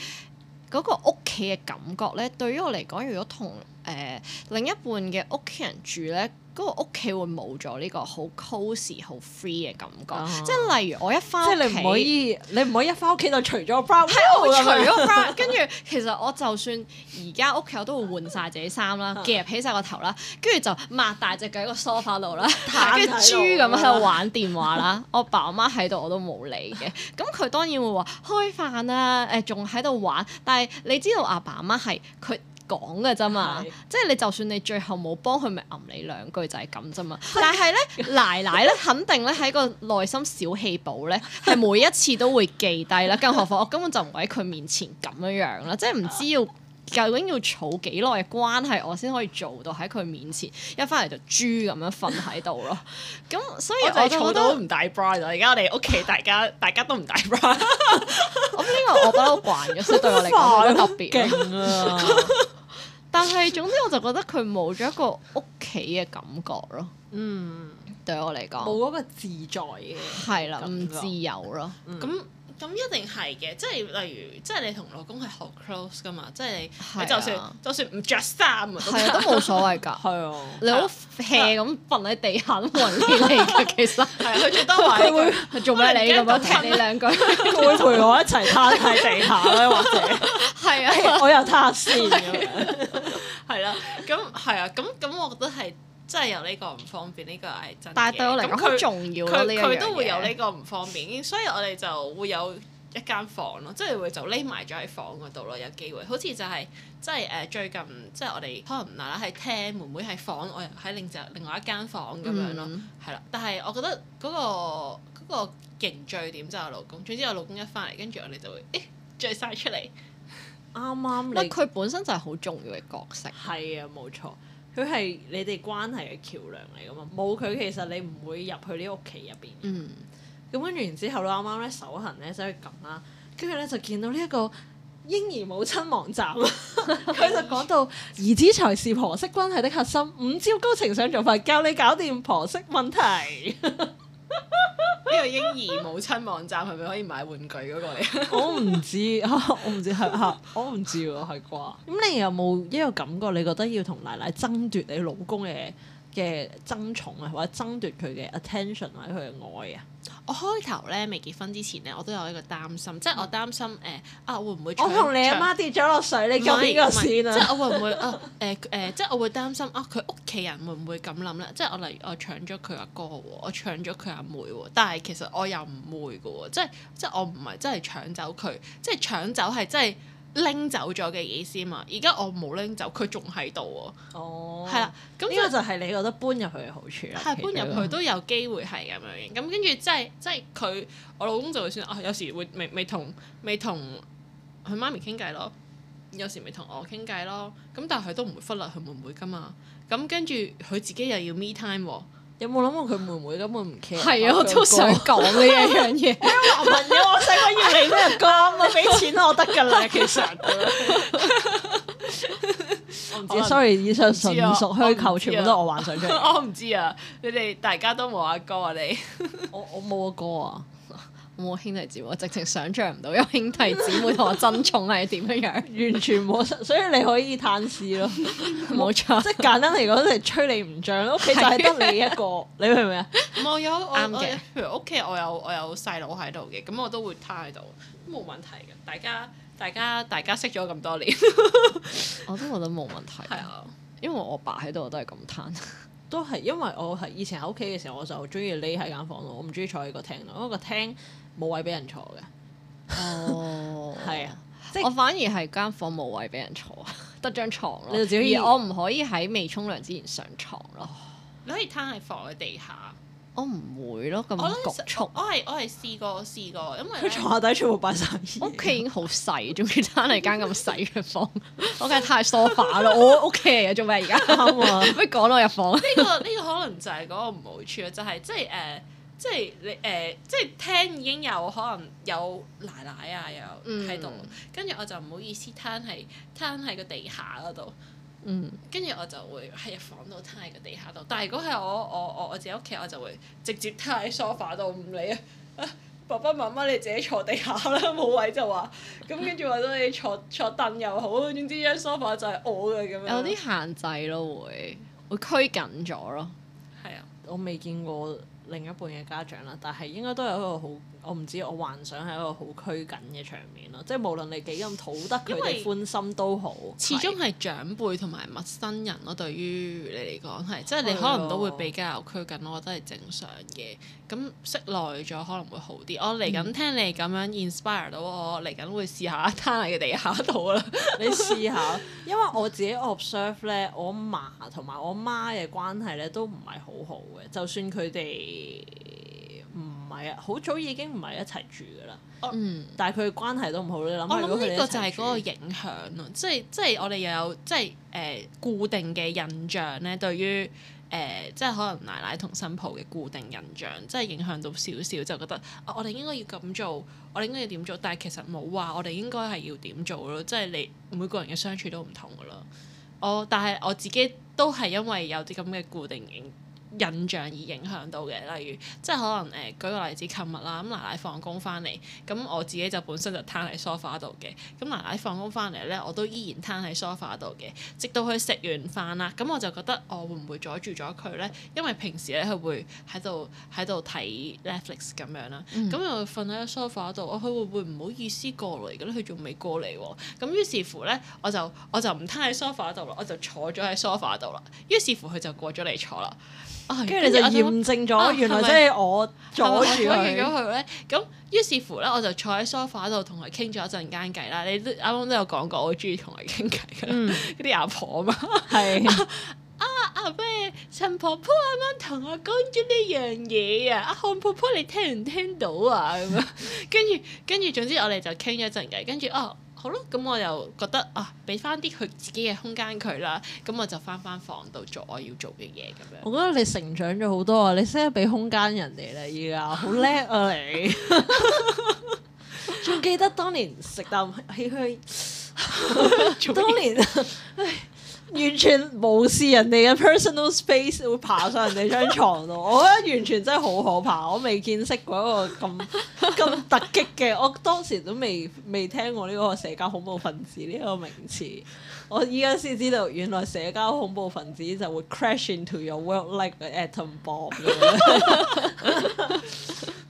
嗰個屋企嘅感覺咧，對於我嚟講，如果同誒、呃、另一半嘅屋企人住咧。嗰個屋企會冇咗呢個好 cosy、好 free 嘅感覺，啊、即係例如我一翻屋企，即你唔可以，你唔可以一翻屋企就除咗 bra，係我除咗 bra，跟住其實我就算而家屋企我都會換晒自己衫啦，夾起晒個頭啦，跟住就擘大隻腳喺個 sofa 度啦，跟住 豬咁喺度玩電話啦， 我爸阿媽喺度我都冇理嘅，咁佢當然會話開飯啦，誒仲喺度玩，但係你知道阿爸阿媽係佢講嘅啫嘛，的即係你就算你最後冇幫佢，咪噏你兩句就係咁啫嘛。 但係咧，奶奶咧肯定咧喺個內心小氣簿咧，係每一次都會記低啦。更何況我根本就唔喺佢面前咁樣樣啦，即係唔知要究竟要儲幾耐嘅關係，我先可以做到喺佢面前一翻嚟就豬咁樣瞓喺度咯。咁 所以我儲到唔戴 bra，而家我哋屋企大家大家都唔戴 bra，咁呢個我覺得好慣咗，所以對我嚟講特別 害了 但係，總之我就覺得佢冇咗一個屋企嘅感覺咯。嗯，對我嚟講，冇嗰個自在嘅，係啦，唔自由咯。咁、嗯。咁一定係嘅，即係例如，即係你同老公係好 close 噶嘛，即係是、啊、你就，就算就算唔著衫都、啊、都冇所謂㗎，係啊，你好 hea 咁瞓喺地下都冇人理你㗎，其實係 啊，佢最多話會做咩你咁樣踢你兩句， 佢會陪我一齊趴喺地下咧，或者係啊，我又趴下先咁樣，係啦，咁係啊，咁咁、啊、我覺得係。真係有呢個唔方便，呢、這個係真嘅。咁好它重要咯呢樣嘢。佢佢它都會有呢個唔方便，所以我哋就會有一間房咯，即係會就匿埋咗喺房嗰度咯。有機會好似就係、是、即係誒最近，即係我哋可能嗱嗱係廳，妹妹係房，我又喺另一另外一間房咁、嗯、樣咯，係啦。但係我覺得嗰、那個嗰、那個凝聚點就係我老公。總之我老公一翻嚟，跟住我哋就會誒、欸、聚晒出嚟，啱啱。因為佢本身就係好重要嘅角色。係啊、嗯，冇錯。佢係你哋關係嘅橋樑嚟噶嘛，冇佢其實你唔會入去呢屋企入邊。咁跟住然之後咧，啱啱咧手痕咧所以咁啦，跟住咧就見到呢一個嬰兒母親網站，佢 就講到兒子才是婆媳關係的核心，五招高情商做法教你搞掂婆媳問題。 呢 個嬰兒母親網站係咪可以買玩具嗰個嚟？我唔知，我唔知係嚇，我唔知喎係啩。咁你有冇一個感覺？你覺得要同奶奶爭奪你老公嘅嘅爭寵啊，或者爭奪佢嘅 attention 或者佢嘅愛啊？我開頭咧未結婚之前咧，我都有一個擔心，嗯、即係我擔心誒、呃、啊，我會唔會我同你阿媽跌咗落水？搶你救邊個先啊！ 即係我會唔會啊？誒、呃、誒、呃，即係我會擔心啊，佢屋企人會唔會咁諗咧？即係我例如我搶咗佢阿哥喎，我搶咗佢阿妹喎，但係其實我又唔會嘅喎，即係即係我唔係真係搶走佢，即係搶走係真係。拎走咗嘅意思啊嘛，而家我冇拎走，佢仲喺度喎。哦，係啊，咁呢個就係你覺得搬入去嘅好處啦。係啊，搬入去都有機會係咁樣嘅，咁跟住即係即係佢，我老公就會算，啊，有時會未未，未，未，未同未同佢媽咪傾偈咯，有時未同我傾偈咯，咁但係佢都唔會忽略佢妹妹噶嘛，咁跟住佢自己又要 me time 喎。有冇諗過佢妹妹根本唔 care？係啊，我都想講呢一樣嘢。你華文嘅，我細個要你咩歌？咪俾錢我得噶啦，其實。我唔知，sorry，以上純屬虛構，全部都我幻想出嚟。我唔知啊，你哋大家都冇阿哥啊，你？我我冇阿哥啊。冇兄弟姊妹，我直情想象唔到有兄弟姊妹同我爭寵係點樣樣， 完全冇，所以你可以攤屍咯，冇 沒錯。即係簡單嚟講，就係吹你唔漲咯。屋企就係得你一個， 你明唔明啊？冇、嗯、有，我我，我譬如屋企我有我有細佬喺度嘅，咁我都會攤喺度，冇問題嘅。大家大家大家識咗咁多年， 我都覺得冇問題。係啊，因為我爸喺度，我都係咁攤，都係因為我係以前喺屋企嘅時候，我就中意匿喺間房度，我唔中意坐喺個廳度，因為個廳。冇位俾人坐嘅，哦，係啊，即係我反而係間房冇位俾人坐，得張床咯。而我唔可以喺未沖涼之前上床咯。你可以攤喺房嘅地下。我唔會咯，咁局促。我係我係試過試過，因為佢床下底全部擺晒嘢。屋企已經好細，仲要攤喺間咁細嘅房，我梗係太 sofa 咯。我屋企嘅做咩而家啱啊？不如講到入房。呢個呢個可能就係嗰個唔好處，就係即係誒。即係你誒、呃，即係廳已經有可能有奶奶啊，又喺度，跟住、嗯、我就唔好意思攤喺攤喺個地下嗰度。嗯。跟住我就會喺房度攤喺個地下度，但係如果係我我我我自己屋企，我就會直接攤喺 sofa 度，唔理啊！爸爸媽媽你自己坐地下啦，冇位就話咁，跟住話咗你坐坐凳又好，總之張 sofa 就係我嘅咁樣。有啲限制咯，會會拘謹咗咯。係啊，我未見過。另一半嘅家長啦，但係應該都有一個好。我唔知，我幻想喺一個好拘謹嘅場面咯，即係無論你幾咁討得佢哋歡心都好，始終係長輩同埋陌生人咯，對於你嚟講係，的即係你可能都會比較拘謹，我覺得係正常嘅。咁識耐咗可能會好啲。我嚟緊聽你咁樣 inspire 到我，嚟緊、嗯、會試下攤喺個地下度啦。 你試下， 因為我自己 observe 咧，我阿嫲同埋我阿媽嘅關係咧都唔係好好嘅，就算佢哋。係啊，好早已經唔係一齊住噶啦。Oh, um, 但係佢關係都唔好，你諗下，我諗呢個就係嗰個影響咯，即係即係我哋又有即係誒固定嘅印象咧。對於誒、呃、即係可能奶奶同新抱嘅固定印象，即係影響到少少，就覺得、哦、我哋應該要咁做，我哋應該要點做。但係其實冇話我哋應該係要點做咯，即係你每個人嘅相處都唔同噶咯。我但係我自己都係因為有啲咁嘅固定影印象而影響到嘅，例如即係可能誒、呃，舉個例子，琴日啦，咁奶奶放工翻嚟，咁我自己就本身就攤喺 sofa 度嘅，咁奶奶放工翻嚟咧，我都依然攤喺 sofa 度嘅，直到佢食完飯啦，咁我就覺得我會唔會阻住咗佢咧？因為平時咧佢會喺度喺度睇 Netflix 咁樣啦，咁、嗯、又瞓喺個 sofa 度，我佢會唔會唔好意思過嚟嘅咧，佢仲未過嚟喎，咁於是乎咧，我就我就唔攤喺 sofa 度啦，我就坐咗喺 sofa 度啦，於是乎佢就過咗嚟坐啦。跟住你就驗證咗，原來即係我阻住佢啊。咁於是，是，是，是乎咧，我就坐喺梳化度同佢傾咗一陣間偈啦。你啱啱都有講過，我中意同佢傾偈㗎。啲、嗯、 阿婆啊嘛，係 是 啊阿咩、啊、陳婆婆啱啱同我講咗呢樣嘢啊，阿漢婆婆你聽唔聽到啊？咁 啊，跟住跟住，總之我哋就傾咗一陣偈，跟住哦。好咯，咁我又覺得啊，俾翻啲佢自己嘅空間佢啦，咁我就翻翻房度做我要做嘅嘢咁樣。我覺得你成長咗好多啊！你識得俾空間人哋咧，而家好叻啊你！仲 記得當年食啖氣去？當年。 完全無視人哋嘅 personal space，會爬上人哋張床度。 我覺得完全真係好可怕，我未見識過一個咁咁突擊嘅。我當時都未未聽過呢個社交恐怖分子呢個名詞，我依家先知道原來社交恐怖分子就會 crash into your world like an atom bomb。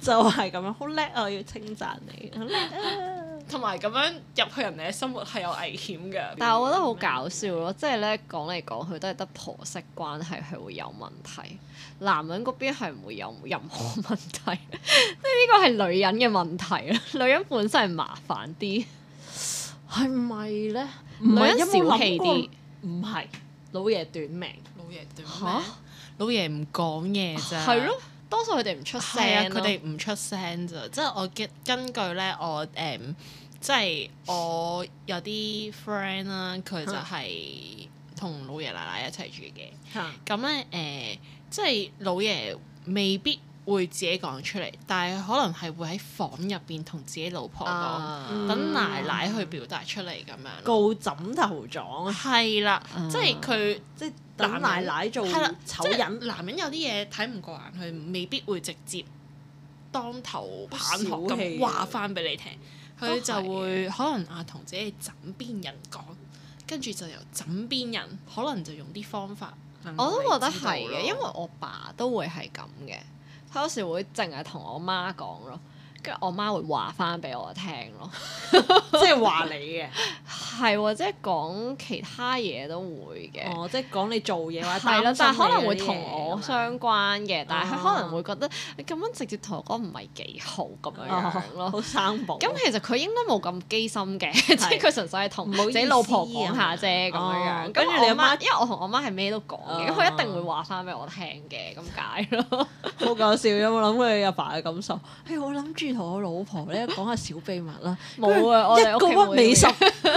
就係咁樣，好叻啊！要稱讚你，好叻啊。同埋咁樣入去人哋嘅生活係有危險嘅。但係我覺得好搞笑咯，即係咧講嚟講去都係得婆媳關係係會有問題，男人嗰邊係唔會有任何問題，即係呢個係女人嘅問題。女人本身係麻煩啲，係咪咧？是女人小氣啲，唔係。老爺短命，老爺短命，啊、老爺唔講嘢咋，係、啊、咯？多數佢哋唔出聲，佢哋唔出聲咋，嗯、即係我根根據咧，我、嗯、誒。即係我有啲 friend 啦，佢就係同老爺奶奶一齊住嘅。咁咧誒，即係老爺未必會自己講出嚟，但係可能係會喺房入邊同自己老婆講，啊嗯、等奶奶去表達出嚟咁樣。告枕頭狀係啦，了嗯、即係佢即係等奶奶做。係啦，即係男人有啲嘢睇唔過眼，佢未必會直接當頭棒喝咁話翻俾你聽。佢就會可能啊同自己枕邊人講，跟住就由枕邊人可能就用啲方法。我都覺得係嘅，因為我爸都會係咁嘅，佢有時會淨係同我媽講咯。跟住我媽會話翻俾我聽咯，即係話你嘅，係或者講其他嘢都會嘅，哦，即係講你做嘢或者但係可能會同我相關嘅，但係佢可能會覺得你咁樣直接同我講唔係幾好咁樣樣咯，好生寶。咁其實佢應該冇咁機心嘅，即係佢純粹係同自己老婆講下啫咁樣樣。跟住你阿媽，因為我同我媽係咩都講嘅，咁佢一定會話翻俾我聽嘅，咁解咯。好搞笑，有冇諗過你阿爸嘅感受？係我諗住。同我老婆咧講下小秘密啦，冇咦啊，我哋屋企一個美食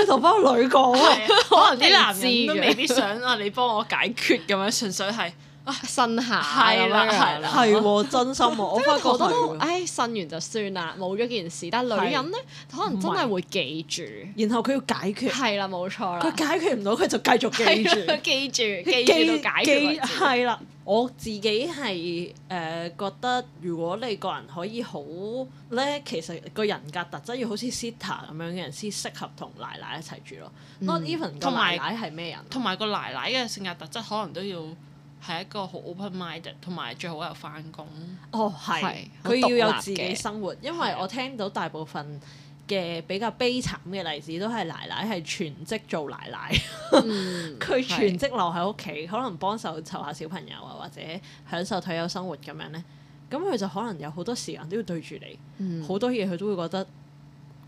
同翻我女講 啊，可能啲男士都未必想啊， 你幫我解決咁樣，純粹係。啊，呻下係啦，係啦，係喎，真心喎，我覺得都，唉，呻完就算啦，冇咗件事。但係女人咧，可能真係會記住，然後佢要解決，係啦，冇錯啦，佢解決唔到，佢就繼續記住，記住，記住都解決。係啦，我自己係誒覺得，如果你個人可以好咧，其實個人格特質要好似 Zita 咁樣嘅人先適合同奶奶一齊住咯。Not even 同埋奶奶係咩人？同埋個奶奶嘅性格特質可能都要。係一個好 open minded，同埋最好又翻工。哦，係佢是要有自己生活，因為我聽到大部分嘅比較悲慘嘅例子，都係奶奶係全職做奶奶，佢、嗯、 全職留喺屋企，是可能幫手湊下小朋友啊，或者享受退休生活咁樣呢，咁佢就可能有好多時間都要對住你，好、嗯、多嘢佢都會覺得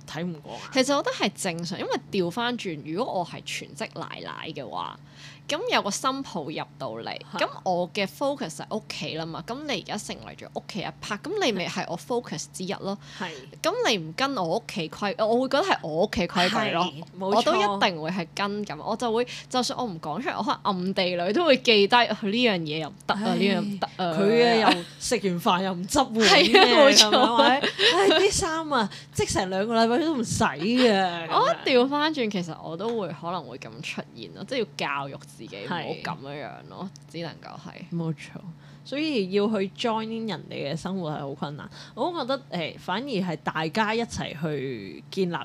睇唔過。其實我覺得係正常，因為調翻轉，如果我係全職奶奶嘅話。咁、嗯、有個新抱入到嚟，咁、嗯嗯、我嘅 focus 係屋企啦嘛。咁你而家成為咗屋企一 part，咁你咪係我 focus 之一咯。係是。咁你唔跟我屋企規，我會覺得係我屋企規矩咯。我都一定會係跟緊，我就會，就算我唔講出嚟，我可能暗地裏都會記低呢樣嘢又唔得啊，呢樣唔得啊。佢嘅又食完飯又唔執碗，係啊，冇 錯。係啲衫啊，即成兩個禮拜都唔洗嘅。 我一調翻轉，其實我都會可能會咁出現咯，即、就、係、是、要教育。 自己冇咁樣樣咯，是只能夠係冇錯，所以要去 join in 人哋嘅生活係好困難。我覺得誒、呃，反而係大家一齊去建立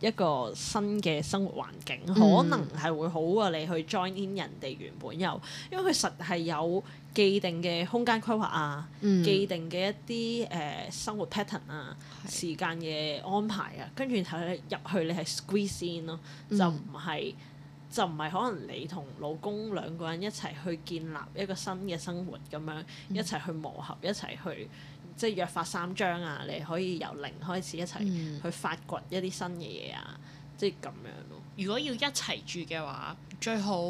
一個新嘅生活環境，可能係會好過你去 join in 人哋原本有，因為佢實係有既定嘅空間規劃啊，嗯、既定嘅一啲誒、呃、生活 pattern 啊，是時間嘅安排啊，跟住然後你入去你係 squeeze in 咯，就唔係。就唔係可能你同老公兩個人一齊去建立一個新嘅生活咁樣，嗯、一齊去磨合，一齊去即係約法三章啊！你可以由零開始一齊去發掘一啲新嘅嘢啊，即係咁樣咯、啊。如果要一齊住嘅話，最好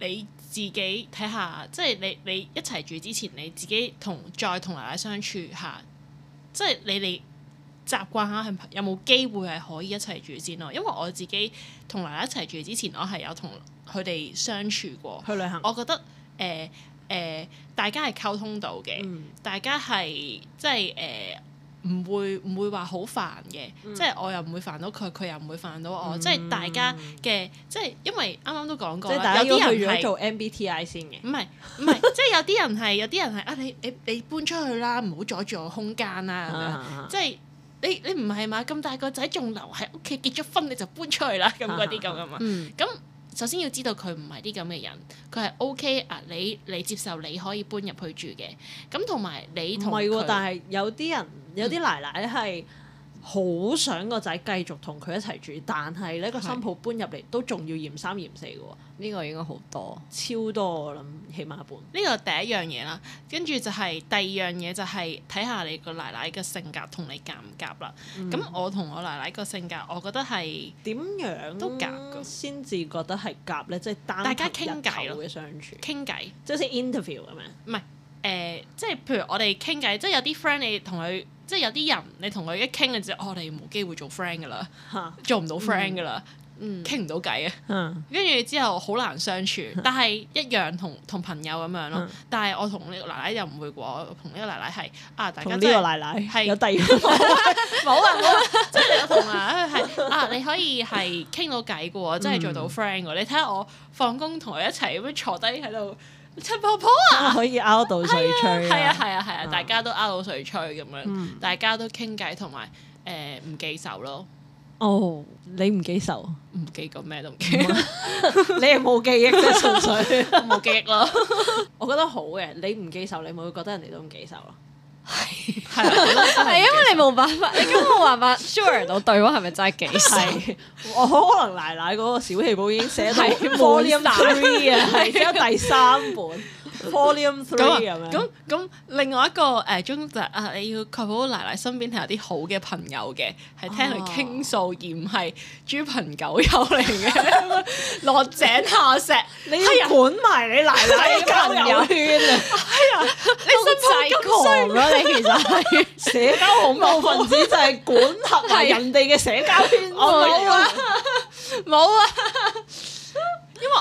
你自己睇下，即係你你一齊住之前，你自己同再同奶奶相處下，即係你你。你習慣下，有冇機會係可以一齊住先咯？因為我自己同奶奶一齊住之前，我係有同佢哋相處過去旅行。我覺得誒誒、呃呃，大家係溝通到嘅，嗯、大家係、呃嗯、即係誒，唔會唔會話好煩嘅。即係我又唔會煩到佢，佢又唔會煩到我。即係、嗯、大家嘅，即係因為啱啱都講過啦。有啲人係做 MBTI 先嘅，唔係唔係，即係有啲人係有啲人係啊！你你你搬出去啦，唔好阻住我空間啦咁樣，即係。 即係即係你你唔係嘛？咁大個仔仲留喺屋企結咗婚，你就搬出去啦咁嗰啲咁嘅嘛。咁、嗯、首先要知道佢唔係啲咁嘅人，佢係 O K 啊。你你接受你可以搬入去住嘅。咁同埋你同唔係喎？但係有啲人有啲奶奶係。嗯好想個仔繼續同佢一齊住，但係咧個新抱搬入嚟是都仲要嫌三嫌四嘅喎。呢個應該好多，超多我諗，起碼一半。呢個第一樣嘢啦，跟住就係第二樣嘢就係睇下你個奶奶嘅性格同你夾唔夾啦。咁、嗯、我同我奶奶個性格，我覺得係點怎樣都夾先至覺得係夾咧？即、就、係、是、大家傾偈嘅相處，傾偈天、呃，即係 interview 咁樣。唔係誒，即係譬如我哋傾偈，即係有啲 friend 你同佢。即係有啲人，你同佢一傾，就知哦，我哋冇機會做 friend 噶啦，做唔到 friend 噶啦，傾唔到偈啊。跟住之後好難相處，但係一樣同同朋友咁樣咯。但係我同呢個奶奶又唔會，我同呢個奶奶係啊，大家即係有第二冇啊，即係我同啊係啊，你可以係傾到偈嘅喎，真係做到 friend 喎。你睇下我放工同佢一齊咁樣坐低喺度。陳婆婆啊，啊可以拗到水吹啊？係啊係啊係啊，啊，大家都拗到水吹咁樣，嗯，大家都傾偈同埋誒唔記仇咯。哦，你唔記仇，唔記個咩都唔記，是 你係冇記憶嘅純粹，冇 記憶咯。 我覺得好嘅，你唔記仇，你唔會覺得人哋都唔記仇啊？係係係， 因為你冇辦法，你根本冇辦法 sure 到對方，係咪真係幾細？係我可能奶奶嗰個小氣簿已經寫到 folio three 啊，係而家第三本 folio three 咁咁另外一個誒、呃，中就係啊，你要確保奶奶身邊係有啲好嘅朋友嘅，係聽佢傾訴而唔係豬朋狗友嚟嘅。落、oh. 井下石， 你要管埋的你,你奶奶嘅朋友, 友圈啊！ 你真係狂啦！你其實係社交恐怖分子， 冇啊、就係管轄埋人哋嘅社交圈啦，冇、 哦、啊！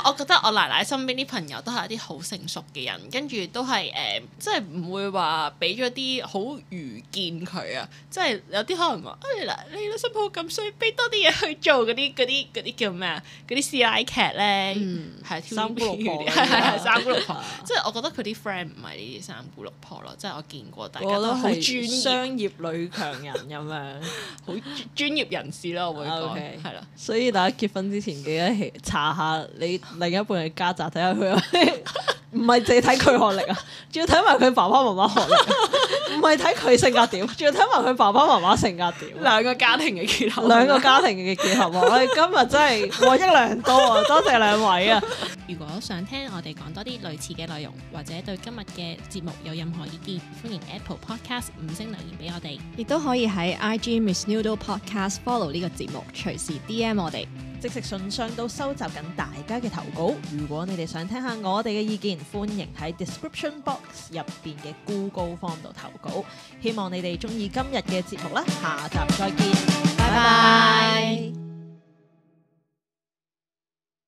我覺得我奶奶身邊啲朋友都係一啲好成熟嘅人，跟住都係誒，即係唔會話俾咗啲好愚見佢啊！即係有啲可能話誒嗱，你老實報咁衰，俾多啲嘢去做嗰啲嗰啲嗰啲叫咩啊？嗰啲師奶劇咧，係、嗯、三姑六婆， 三姑六婆。即係我，我覺得佢啲 friend 唔係三姑六婆咯，即係我見過大家都好專業商業女強人咁樣，好專， 專業人士咯，我會講係啦。Okay, 了所以大家結婚之前記得查一下你。另一半係家宅，睇下佢。有啲 唔係淨睇佢學歷啊，仲要睇埋佢爸爸媽媽學歷。唔係睇佢性格點，仲要睇埋佢爸爸媽媽性格點。 兩個家庭嘅結合。 兩個家庭嘅結合 我哋今日真係獲益良多啊！ 多謝兩位啊！如果想聽我哋講多啲類似嘅內容，或者對今日嘅節目有任何意見，歡迎 Apple Podcast 五星留言俾我哋，亦都可以喺 IG Miss Noodle Podcast follow 呢個節目，隨時 DM 我哋，即食心靈信箱都收集緊大家嘅投稿。如果你哋想聽下我哋嘅意見，歡迎喺 description box 入面嘅 Google Form 度投稿，希望你哋鍾意今日嘅節目啦，下集再見，拜拜。